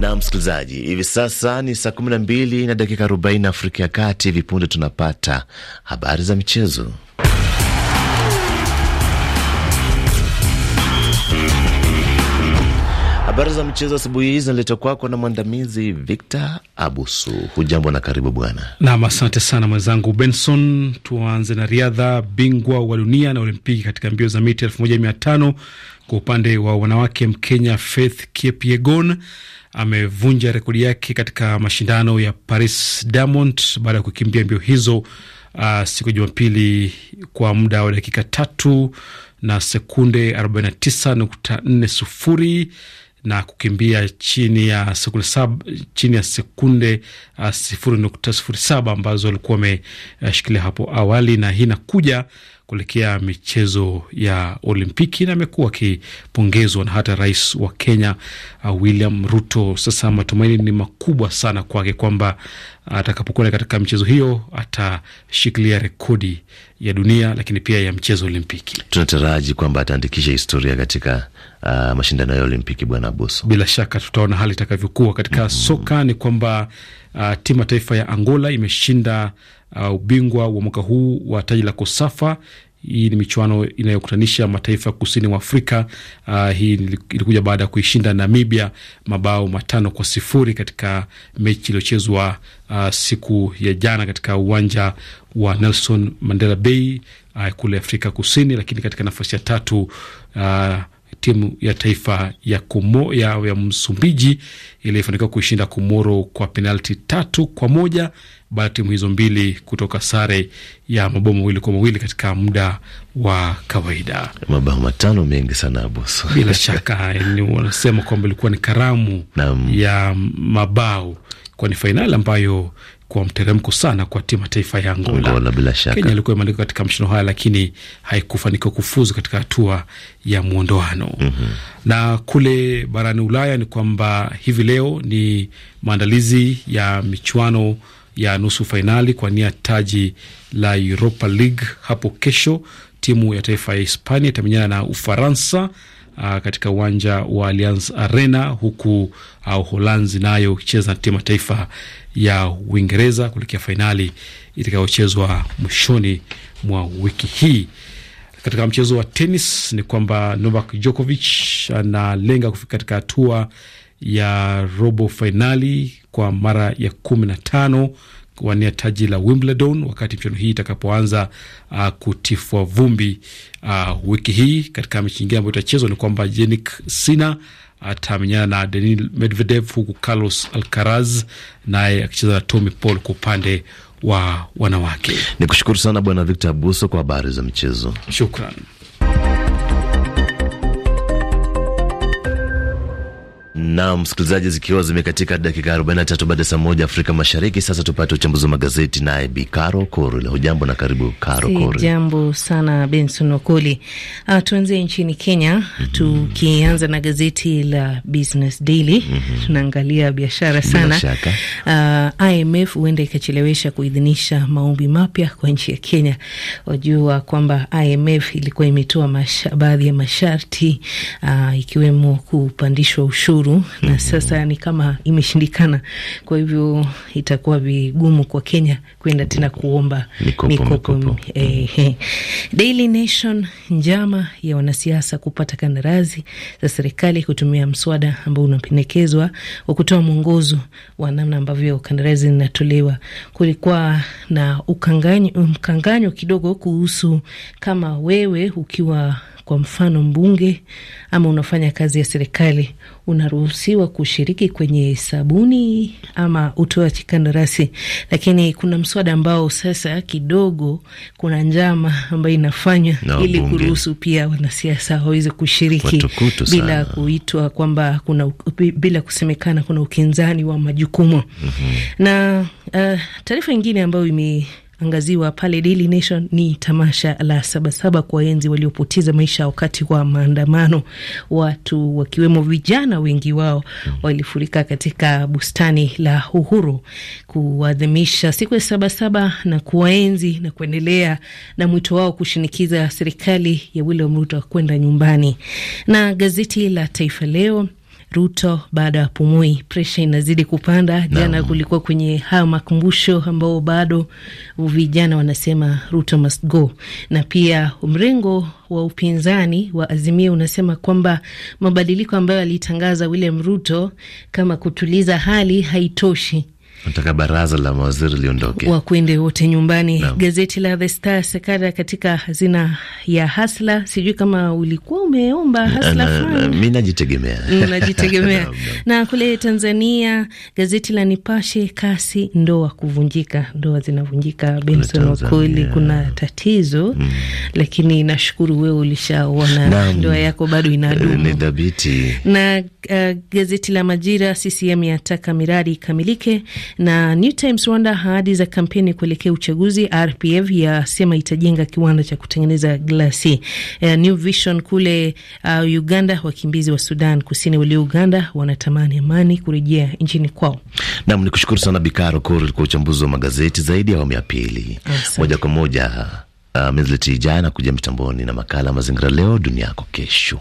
Na msikilizaji, hivi sasa ni saa 12 na dakika 40 Afrika ya Kati. Hivi punde tunapata habari za michezo. Habari za michezo asubuhi hii zinaletwa kwako na mwandamizi Victor Abusu. Hujambo na karibu bwana. Nam, asante sana mwenzangu Benson. Tuanze na riadha. Bingwa wa dunia na Olimpiki katika mbio za mita elfu moja mia tano kwa upande wa wanawake, Mkenya Faith Kipyegon amevunja rekodi yake katika mashindano ya Paris Diamond baada ya kukimbia mbio hizo uh, siku ya Jumapili kwa muda wa dakika tatu na sekunde 49.40 na kukimbia chini ya sekunde saba, chini ya sekunde uh, ambazo walikuwa wameshikilia uh, hapo awali, na hii inakuja kuelekea michezo ya Olimpiki na amekuwa akipongezwa na hata rais wa Kenya uh, William Ruto. Sasa matumaini ni makubwa sana kwake kwamba atakapokwenda katika michezo hiyo atashikilia rekodi ya dunia, lakini pia ya mchezo Olimpiki. Tunataraji kwamba ataandikisha historia katika uh, mashindano ya Olimpiki. Bwana Boso, bila shaka tutaona hali itakavyokuwa katika mm -hmm. Soka ni kwamba uh, timu ya taifa ya Angola imeshinda uh, ubingwa wa mwaka huu wa taji la Kosafa. Hii ni michuano inayokutanisha mataifa kusini mwa Afrika. Uh, hii ilikuja baada ya kuishinda Namibia mabao matano kwa sifuri katika mechi iliyochezwa uh, siku ya jana katika uwanja wa Nelson Mandela Bay uh, kule Afrika Kusini. Lakini katika nafasi ya tatu uh, timu ya taifa ya, Kumo, ya, ya Msumbiji iliyofanikiwa kuishinda Komoro kwa penalti tatu kwa moja baada ya timu hizo mbili kutoka sare ya mabao mawili kwa mawili katika muda wa kawaida. Mabao matano mengi sana Abuso. Bila shaka wanasema kwamba ilikuwa ni karamu Naam. ya mabao, kwani fainali ambayo kwa mteremko sana kwa timu taifa ya Angola. Bila shaka Kenya ilikuwa imealikwa katika mashindano haya, lakini haikufanikiwa kufuzu katika hatua ya mwondoano. mm -hmm. Na kule barani Ulaya ni kwamba hivi leo ni maandalizi ya michuano ya nusu fainali kwa nia taji la Europa League hapo kesho. Timu ya taifa ya Hispania itamenyana na Ufaransa uh, katika uwanja wa Allianz Arena, huku ah, Uholanzi uh, nayo ikicheza na timu ya taifa ya Uingereza kuelekea fainali itakayochezwa mwishoni mwa wiki hii. Katika mchezo wa tenis ni kwamba Novak Djokovic analenga kufika katika hatua ya robo fainali kwa mara ya kumi na tano kuwania taji la Wimbledon wakati michuano hii itakapoanza uh, kutifua vumbi uh, wiki hii. Katika mechi nyingine ambayo itachezwa ni kwamba Jannik Sinner atamenyana na Daniil Medvedev, huku Carlos Alcaraz naye akicheza na Tommy Paul kwa upande wa wanawake. Ni kushukuru sana Bwana Victor Abuso kwa habari za mchezo, shukran. na msikilizaji, zikiwa zimekatika dakika 43 baada saa moja Afrika Mashariki. Sasa tupate uchambuzi wa magazeti naye Bi Karo Korole. Hujambo na karibu Karo Korole. Si jambo sana Benson Wakoli. Uh, tuanzie nchini Kenya. mm -hmm. Tukianza na gazeti la Business Daily mm -hmm. tunaangalia biashara sana. Uh, ah, IMF huenda ikachelewesha kuidhinisha maombi mapya kwa nchi ya Kenya. Wajua kwamba IMF ilikuwa imetoa baadhi ya masharti uh, ikiwemo kupandishwa ushuru uhuru na mhm. sasa ni kama imeshindikana, kwa hivyo itakuwa vigumu kwa Kenya kwenda tena kuomba mikopo, mikopo, mikopo. Eh, eh. Daily Nation, njama ya wanasiasa kupata kandarasi za serikali kutumia mswada ambao unapendekezwa wa kutoa mwongozo wa namna ambavyo kandarasi zinatolewa. Kulikuwa na ukanganyo, mkanganyo kidogo kuhusu kama wewe ukiwa kwa mfano, mbunge ama unafanya kazi ya serikali, unaruhusiwa kushiriki kwenye sabuni ama utoaji kandarasi, lakini kuna mswada ambao sasa kidogo kuna njama ambayo inafanywa no, ili kuruhusu pia wanasiasa waweze kushiriki bila kuitwa kwamba kuna bila kusemekana kuna ukinzani wa majukumu mm -hmm. na uh, taarifa nyingine ambayo ime angaziwa pale Daily Nation ni tamasha la Sabasaba kwa enzi waliopoteza maisha wakati wa maandamano. Watu wakiwemo vijana, wengi wao walifurika katika bustani la Uhuru kuadhimisha siku ya Sabasaba na kuwaenzi na kuendelea na mwito wao kushinikiza serikali ya William Ruto kwenda nyumbani. Na gazeti la Taifa Leo Ruto bado hapumui, presha inazidi kupanda. Jana kulikuwa kwenye haya makumbusho ambao bado vijana wanasema Ruto must go, na pia mrengo wa upinzani wa Azimio unasema kwamba mabadiliko ambayo alitangaza William Ruto kama kutuliza hali haitoshi nataka baraza la mawaziri liondoke, wakwende wote nyumbani no. Gazeti la The Star Sekada katika hazina ya hasla, sijui kama ulikuwa umeomba hasla na, mi najitegemea mm, najitegemea no, Na kule Tanzania gazeti la Nipashe, kasi ndoa kuvunjika, ndoa zinavunjika, Benson Wakoli, kuna tatizo mm. Lakini nashukuru wewe ulishaona ndoa yako bado inadumu, eh, ni dhabiti na uh, gazeti la Majira CCM yataka miradi ikamilike na New Times Rwanda, ahadi za kampeni kuelekea uchaguzi, RPF yasema itajenga kiwanda cha kutengeneza glasi. Eh, New Vision kule uh, Uganda, wakimbizi wa Sudan Kusini walio Uganda wanatamani amani kurejea nchini kwao. Nam, ni kushukuru sana Bikaro Kori kwa uchambuzi wa magazeti zaidi ya awamu ya pili. Moja kwa moja uh, uh, ijana kuja mitamboni na makala Mazingira Leo Dunia Yako Kesho.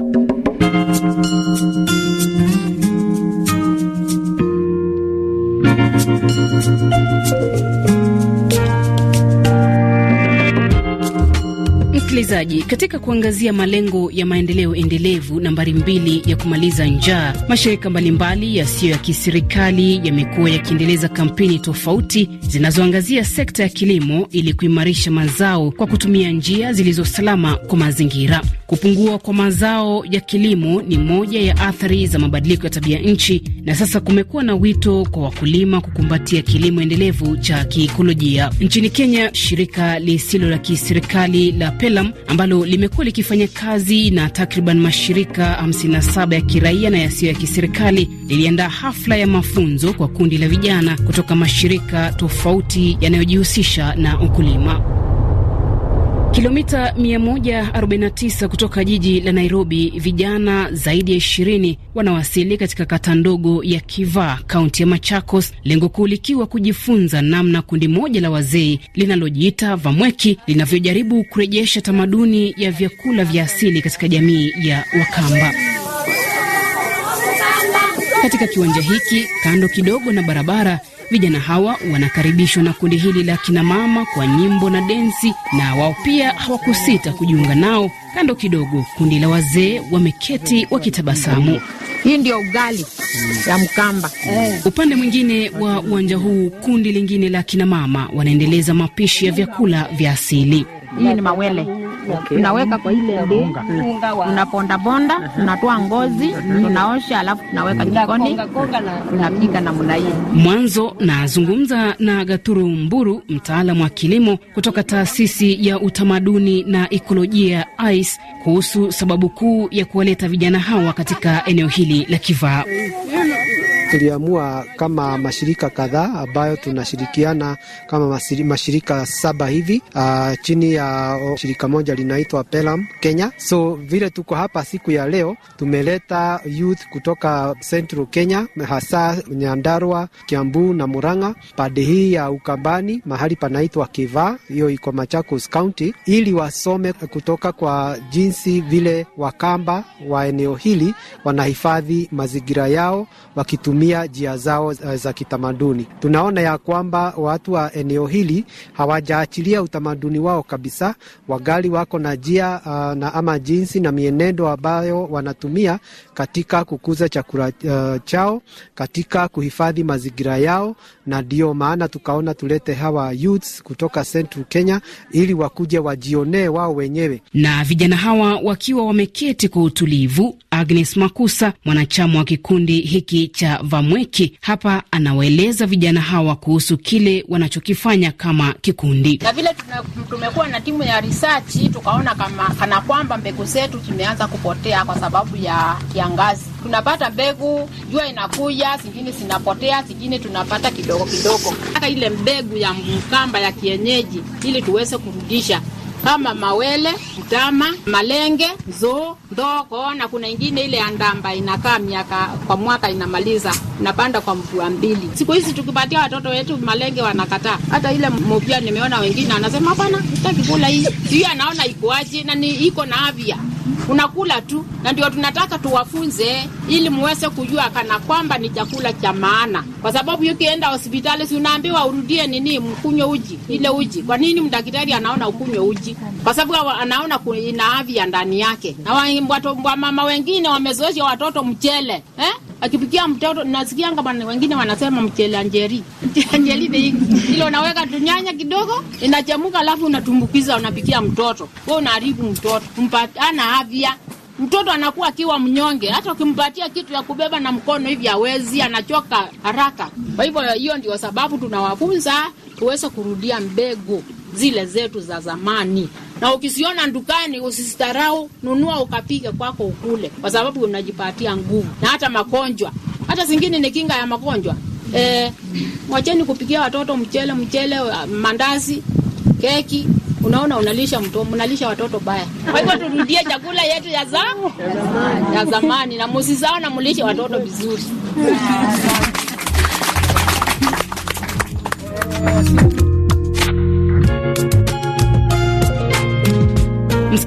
msikilizaji, katika kuangazia malengo ya maendeleo endelevu nambari mbili ya kumaliza njaa, mashirika mbalimbali yasiyo ya kiserikali yamekuwa yakiendeleza kampeni tofauti zinazoangazia sekta ya kilimo ili kuimarisha mazao kwa kutumia njia zilizosalama kwa mazingira. Kupungua kwa mazao ya kilimo ni moja ya athari za mabadiliko ya tabia nchi, na sasa kumekuwa na wito kwa wakulima kukumbatia kilimo endelevu cha kiikolojia. Nchini Kenya, shirika lisilo la kiserikali la Pelam ambalo limekuwa likifanya kazi na takriban mashirika 57 ya kiraia na yasiyo ya kiserikali liliandaa hafla ya mafunzo kwa kundi la vijana kutoka mashirika tofauti yanayojihusisha na ukulima. Kilomita 149 kutoka jiji la Nairobi, vijana zaidi ya 20 wanawasili katika kata ndogo ya Kivaa, kaunti ya Machakos, lengo kuu likiwa kujifunza namna kundi moja la wazee linalojiita Vamweki linavyojaribu kurejesha tamaduni ya vyakula vya asili katika jamii ya Wakamba. Katika kiwanja hiki kando kidogo na barabara, vijana hawa wanakaribishwa na kundi hili la kinamama kwa nyimbo na densi, na wao pia hawakusita kujiunga nao. Kando kidogo, kundi la wazee wameketi wakitabasamu. Hii ndio ugali ya Mkamba. Upande mwingine wa uwanja huu, kundi lingine la kinamama wanaendeleza mapishi ya vyakula vya asili. Hii ni mawele. Okay. Unaweka kwa ile unga, unaponda bonda, unatoa ngozi, unaosha, alafu tunaweka jikoni, tunapika namna hii. Mwanzo nazungumza na Gaturu Mburu, mtaalamu wa kilimo kutoka taasisi ya utamaduni na ikolojia ICE, kuhusu sababu kuu ya kuwaleta vijana hawa katika eneo hili la Kivaa tuliamua kama mashirika kadhaa ambayo tunashirikiana kama masiri, mashirika saba hivi uh, chini ya uh, shirika moja linaitwa Pelam Kenya. So vile tuko hapa siku ya leo, tumeleta youth kutoka Central Kenya, hasa Nyandarua, Kiambu na Murang'a, pade hii ya Ukambani, mahali panaitwa Kiva, hiyo iko Machakos County, ili wasome kutoka kwa jinsi vile Wakamba wa eneo hili wanahifadhi mazingira yao wakitumia kutumia njia zao eh, za kitamaduni. Tunaona ya kwamba watu wa eneo hili hawajaachilia utamaduni wao kabisa. Wagali wako na njia uh, na ama jinsi na mienendo ambayo wanatumia katika kukuza chakula uh, chao, katika kuhifadhi mazingira yao, na ndio maana tukaona tulete hawa youths kutoka Central Kenya ili wakuje wajionee wao wenyewe. Na vijana hawa wakiwa wameketi kwa utulivu, Agnes Makusa, mwanachama wa kikundi hiki cha Vamweki hapa anawaeleza vijana hawa kuhusu kile wanachokifanya kama kikundi. Na vile tumekuwa na timu ya risachi, tukaona kama kana kwamba mbegu zetu zimeanza kupotea kwa sababu ya kiangazi. Tunapata mbegu, jua inakuja, zingine zinapotea, zingine tunapata kidogo kidogo, mpaka ile mbegu ya mkamba ya kienyeji, ili tuweze kurudisha kama mawele, mtama, malenge, mzoo, ndogo na kuna ingine ile andamba inakaa miaka kwa mwaka inamaliza napanda kwa mvua mbili. Siku hizi tukipatia watoto wetu malenge wanakataa. Hata ile mopia nimeona wengine anasema hapana, sitaki kula hii. Sio anaona ikoaje na ni iko na afya unakula tu, na ndio tunataka tuwafunze, ili muweze kujua kana kwamba ni chakula cha maana, kwa sababu ukienda hospitali si unaambiwa urudie nini, mkunywe uji, ile uji. Kwa nini mdaktari anaona ukunywe uji? Kwa sababu anaona ina afya ndani yake, na wa mama wengine wamezoesha watoto mchele eh? akipikia mtoto. kama wengine wanasema mchelanjeri, anjeri ni ile unaweka tunyanya kidogo, inachemuka, alafu unatumbukiza, unapikia mtoto. Wewe unaharibu mtoto, mpatana afya mtoto anakuwa akiwa mnyonge. Hata ukimpatia kitu ya kubeba na mkono hivi hawezi, anachoka haraka. Kwa hivyo hiyo ndio sababu tunawafunza tuweze kurudia mbegu zile zetu za zamani, na ukiziona dukani usistarau, nunua ukapike kwako ukule, kwa sababu unajipatia nguvu na hata magonjwa, hata zingine ni kinga ya magonjwa. Eh, mwacheni kupikia watoto mchele, mchele, mandazi, keki Unaona, unalisha mtu, unalisha watoto baya. Kwa hivyo turudie chakula yetu ya za ya zamani, na musisao na mulishe watoto vizuri.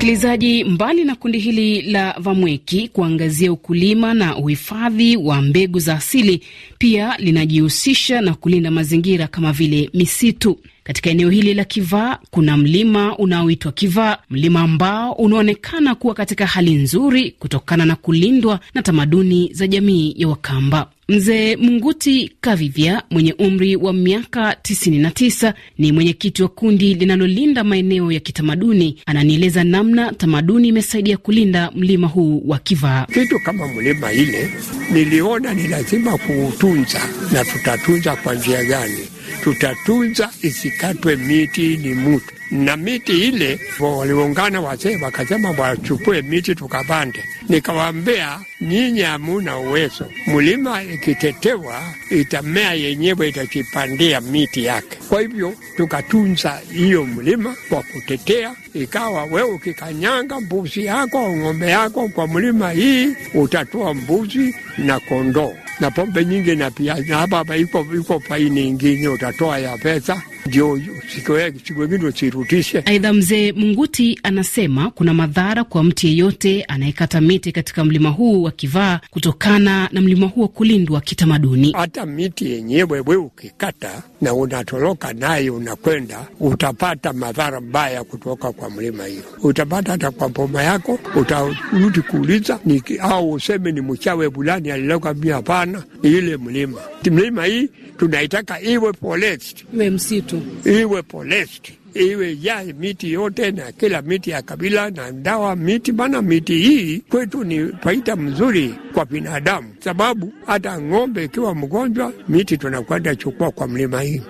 Msikilizaji, mbali na kundi hili la Vamweki kuangazia ukulima na uhifadhi wa mbegu za asili, pia linajihusisha na kulinda mazingira kama vile misitu. Katika eneo hili la Kivaa kuna mlima unaoitwa Kivaa, mlima ambao unaonekana kuwa katika hali nzuri kutokana na kulindwa na tamaduni za jamii ya Wakamba. Mzee Munguti Kavivya mwenye umri wa miaka 99 ni mwenyekiti wa kundi linalolinda maeneo ya kitamaduni. Ananieleza namna tamaduni imesaidia kulinda mlima huu wa Kivaa. Kitu kama mlima ile niliona ni lazima kuutunza, na tutatunza kwa njia gani? Tutatunza isikatwe miti ni mutu na miti ile waliungana wazee wakasema wachukue miti tukapande. Nikawaambia, nyinyi hamuna uwezo, mlima ikitetewa itamea yenyewe, itajipandia miti yake. Kwa hivyo tukatunza hiyo mlima kwa kutetea, ikawa wewe ukikanyanga mbuzi yako au ng'ombe yako kwa mlima hii utatoa mbuzi na kondoo na pombe nyingi, na pia hapa hapa iko faini ingine utatoa ya pesa ndio siku yake chigwegindwa chirutisha. Aidha, mzee Munguti anasema kuna madhara kwa mtu yeyote anayekata miti katika mlima huu wa Kivaa kutokana na mlima huo kulindwa kitamaduni. Hata miti yenyewe we ukikata na unatoroka naye unakwenda, utapata madhara mbaya kutoka kwa mlima hiyo, utapata hata kwa boma yako, utarudi kuuliza au useme ni mchawe aliloka mia. Hapana, ile mlima mlima hii tunaitaka iwe forest, msitu yetu iwe polesti, iwe yae miti yote na kila miti ya kabila na ndawa miti, maana miti hii kwetu ni faida mzuri kwa binadamu, sababu hata ng'ombe ikiwa mgonjwa, miti tunakwenda chukua kwa mlima hii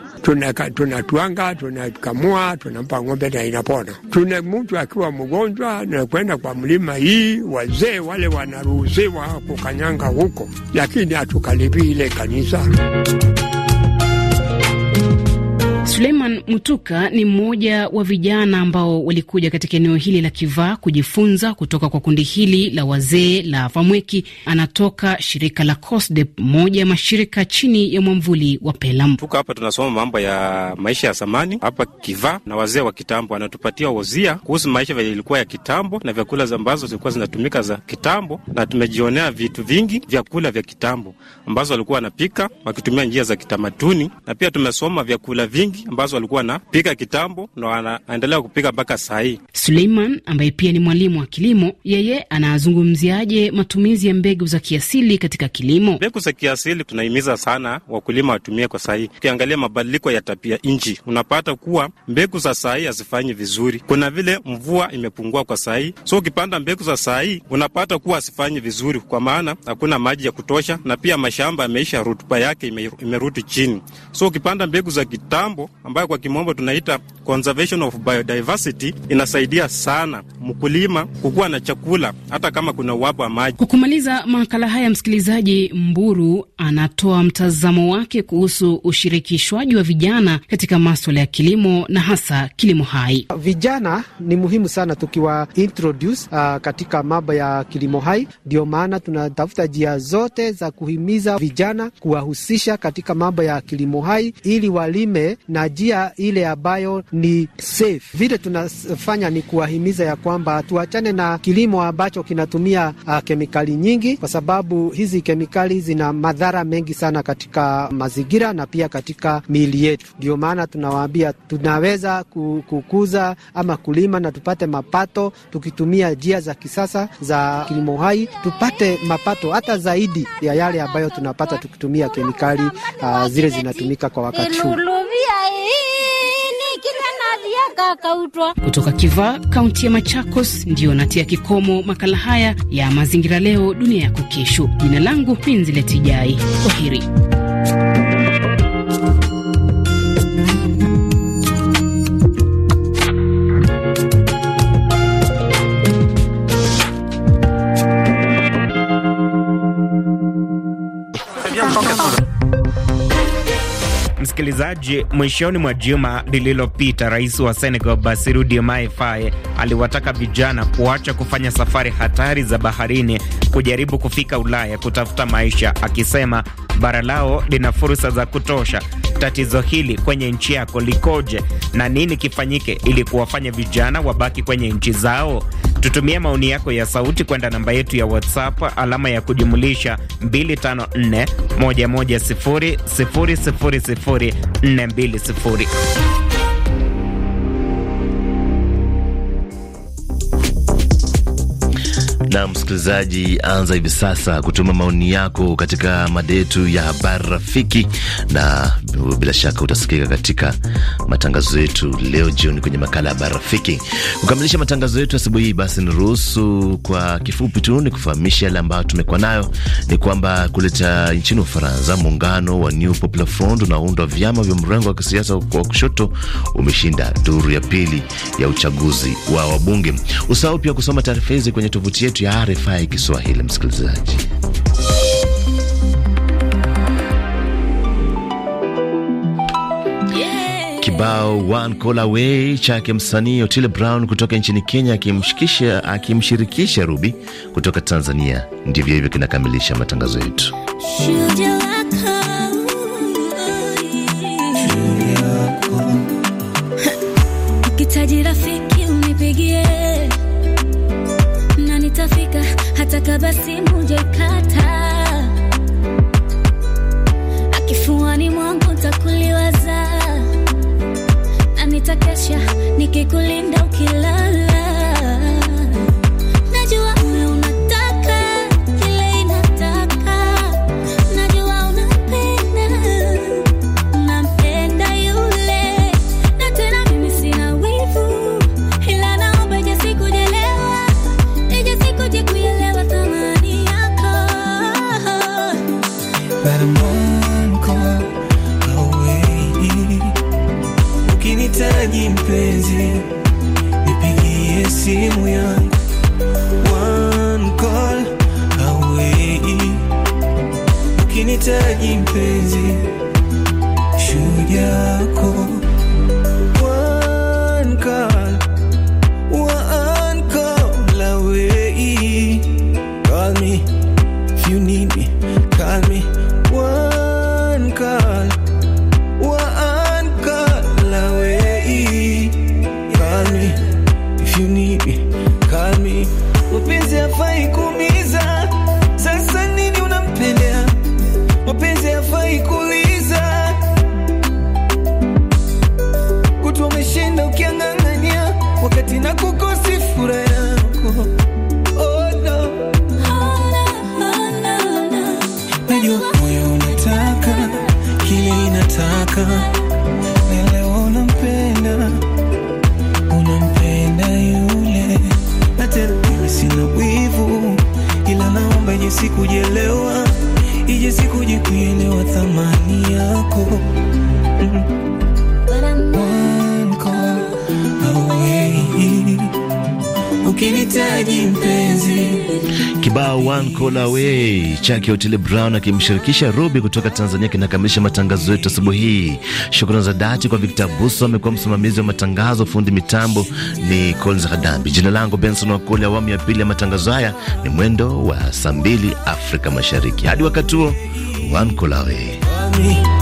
tunatwanga tuna tunakamua tunampa ng'ombe na inapona. Tuna mtu akiwa mgonjwa nakwenda kwa mlima hii, wazee wale wanaruhusiwa kukanyanga huko, lakini hatukaribii ile kanisa. Suleiman Mutuka ni mmoja wa vijana ambao walikuja katika eneo hili la Kivaa kujifunza kutoka kwa kundi hili la wazee la Vamweki. Anatoka shirika la COSDEP, moja ya mashirika chini ya mwamvuli wa Pelam. Tuka hapa tunasoma mambo ya maisha ya zamani hapa Kivaa na wazee wa kitambo, anatupatia wazia kuhusu maisha vya ilikuwa ya kitambo na vyakula ambazo zilikuwa zinatumika za kitambo, na tumejionea vitu vingi vyakula vya kitambo ambazo walikuwa wanapika wakitumia njia za kitamaduni, na pia tumesoma vyakula vingi ambazo walikuwa wanapika kitambo na wanaendelea kupika mpaka saa hii. Suleiman ambaye pia ni mwalimu wa kilimo, yeye anazungumziaje matumizi ya mbegu za kiasili katika kilimo? Mbegu za kiasili tunahimiza sana wakulima watumie kwa sahii. Ukiangalia mabadiliko ya tabia nchi, unapata kuwa mbegu za sahii hazifanyi vizuri. Kuna vile mvua imepungua kwa sahii, so ukipanda mbegu za sahii unapata kuwa hazifanyi vizuri, kwa maana hakuna maji ya kutosha, na pia mashamba yameisha, rutuba yake imerudi chini. So ukipanda mbegu za kitambo ambayo kwa kimombo tunaita conservation of biodiversity inasaidia sana mkulima kukuwa na chakula hata kama kuna uwapo wa maji. Kwa kumaliza makala haya, msikilizaji, Mburu anatoa mtazamo wake kuhusu ushirikishwaji wa vijana katika maswala ya kilimo na hasa kilimo hai. Vijana ni muhimu sana tukiwa introduce, uh, katika mambo ya kilimo hai. Ndio maana tunatafuta njia zote za kuhimiza vijana kuwahusisha katika mambo ya kilimo hai ili walime na njia ile ambayo ni safe. Vile tunafanya ni kuwahimiza ya kwamba tuachane na kilimo ambacho kinatumia uh, kemikali nyingi, kwa sababu hizi kemikali zina madhara mengi sana katika mazingira na pia katika miili yetu. Ndio maana tunawaambia tunaweza kukuza ama kulima na tupate mapato tukitumia njia za kisasa za kilimo hai, tupate mapato hata zaidi ya yale ambayo tunapata tukitumia kemikali uh, zile zinatumika kwa wakati huu mpaka kautwa. Kutoka Kiva, kaunti ya Machakos, ndiyo natia kikomo makala haya ya mazingira leo dunia yako kesho. Jina langu Minzile Tijai, kwaheri. Msikilizaji, mwishoni mwa juma lililopita, rais wa Senegal Basiru Diomaye Faye aliwataka vijana kuacha kufanya safari hatari za baharini kujaribu kufika Ulaya kutafuta maisha, akisema bara lao lina fursa za kutosha. Tatizo hili kwenye nchi yako likoje na nini kifanyike ili kuwafanya vijana wabaki kwenye nchi zao? Tutumie maoni yako ya sauti kwenda namba yetu ya WhatsApp alama ya kujumulisha 254 110 000 420. na msikilizaji, anza hivi sasa kutuma maoni yako katika mada yetu ya habari rafiki, na bila shaka utasikika katika matangazo yetu leo jioni kwenye makala ya barafiki. Kukamilisha matangazo yetu asubuhi hii, basi niruhusu kwa kifupi tu ni kufahamisha yale ambayo tumekuwa nayo. Ni kwamba kuleta nchini Ufaransa, muungano wa New Popular Front unaoundwa vyama vya mrengo wa kisiasa kwa kushoto umeshinda duru ya pili ya uchaguzi wa wabunge. Usahau pia kusoma taarifa hizi kwenye tovuti yetu ya RFI Kiswahili, msikilizaji. Kibao one call away chake msanii Otile Brown kutoka nchini Kenya akimshirikisha Ruby kutoka Tanzania. Ndivyo hivyo kinakamilisha matangazo yetu. Ukitaji rafiki unipigie na nitafika hata kabla simu simu yangu one call away ukinitaji mpenzi ukinitaji mpenzi. Kibao one call away chake Otile Brown akimshirikisha Ruby kutoka Tanzania kinakamilisha matangazo yetu asubuhi hii. Shukrani za dhati kwa Victor Buso, amekuwa msimamizi wa matangazo. Fundi mitambo ni Collins Hadambi. Jina langu Benson Wakoli. Awamu ya pili ya matangazo haya ni mwendo wa saa mbili Afrika Mashariki. Hadi wakati huo, one call away.